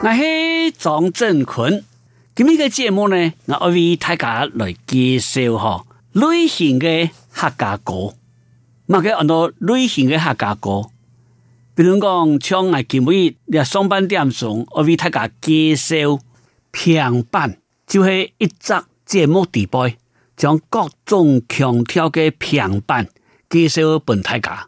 我係張振坤，今日的節目呢，讓我為大家來介紹嗬類型的客家歌。乜嘅講到類型的客家歌，比如講唱係節目，你上班點送我為大家介紹平板，就係一則節目肚背，將各種腔調的平板介紹本大家。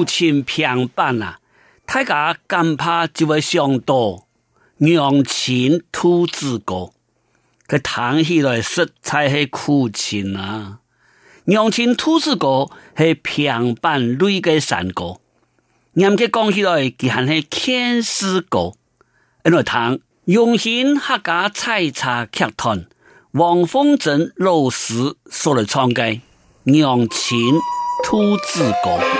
父親平板啊，大家敢怕就會想到娘親渡子歌。個彈起來色彩係苦情啊，娘親渡子歌係平板類嘅山歌，嚴格講起來佢係係勸世歌。來彈榮興客家採茶劇團黃風鎮老師所來創嘅娘親渡子歌。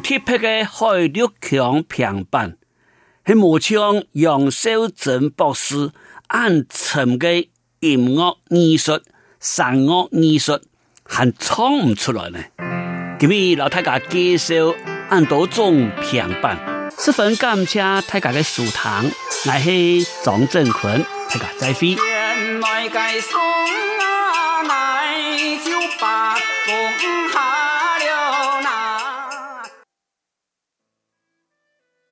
特別嘅海陸腔平板，係模仿楊秀珍博士按深嘅音樂藝術、聲樂藝術，還唱唔出來呢？今日，老大家介紹按多種平板，十分感謝大家嘅收聽，乃係張正坤大家再會。